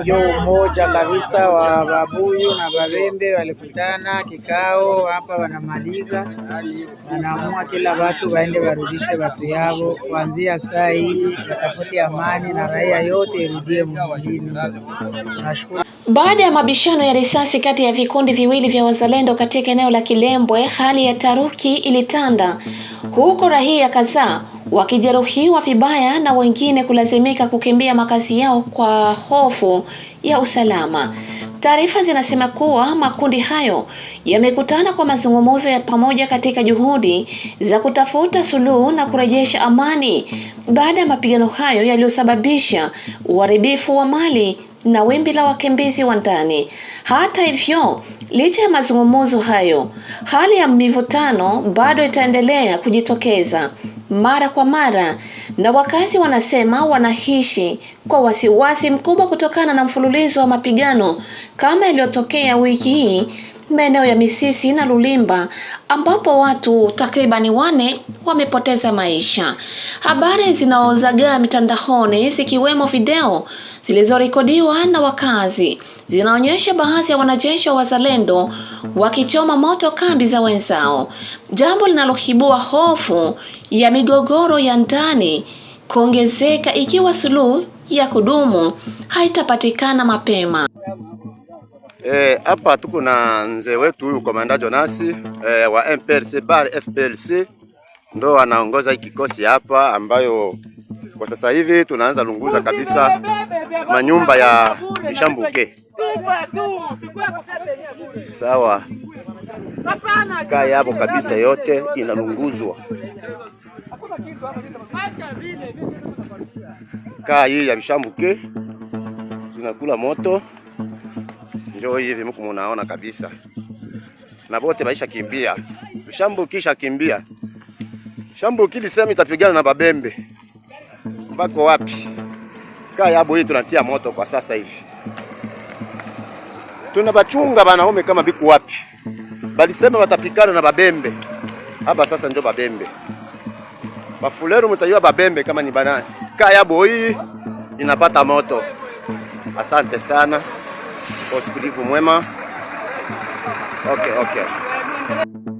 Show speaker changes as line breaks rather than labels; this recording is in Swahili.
njoo umoja kabisa wa Babuyu na Babembe walikutana kikao hapa, wanamaliza wanaamua kila watu waende warudishe watu yao, kuanzia saa hii watafuti amani na raia yote irudie mjini.
Nashukuru. Baada ya mabishano ya risasi kati ya vikundi viwili vya wazalendo katika eneo la Kilembwe, hali ya taruki ilitanda huko raia kadhaa wakijeruhiwa vibaya na wengine kulazimika kukimbia makazi yao kwa hofu ya usalama. Taarifa zinasema kuwa makundi hayo yamekutana kwa mazungumzo ya pamoja katika juhudi za kutafuta suluhu na kurejesha amani baada ya mapigano hayo yaliyosababisha uharibifu wa mali na wimbi la wakimbizi wa ndani. Hata hivyo, licha ya mazungumzo hayo, hali ya mivutano bado itaendelea kujitokeza mara kwa mara na wakazi wanasema wanahishi kwa wasiwasi mkubwa kutokana na mfululizo wa mapigano kama yaliyotokea wiki hii maeneo ya Misisi na Lulimba ambapo watu takribani wane wamepoteza maisha. Habari zinaozagaa mitandaoni zikiwemo video zilizorekodiwa na wakazi zinaonyesha baadhi ya wanajeshi wa wazalendo wakichoma moto kambi za wenzao, jambo linaloibua hofu ya migogoro ya ndani kuongezeka ikiwa suluhu ya kudumu haitapatikana mapema.
Eh, hapa e, tuko na mzee wetu huyu komanda Jonasi e, eh, wa MPLC bar FPLC ndo anaongoza hii kikosi hapa, ambayo kwa sasa hivi tunaanza lunguza kabisa manyumba ya mishambuke Sawa, kaa yako kabisa yote inalunguzwa. Kaa hii ya vishambuke moto, njo hivi mko munaona kabisa, na bote baisha kimbia. Vishambuke isha kimbia, shambuki lisema itapigana na babembe mbako wapi? Kaa yabo hii tunatia moto kwa sasa hivi tuna tunabachunga banaume kama biku wapi, balisema batapikana na babembe haba. Sasa njo babembe bafulero mutayua babembe kama ni banani. Kaya boyi inapata moto. Asante sana kwa usikilivu mwema. Okay, okay.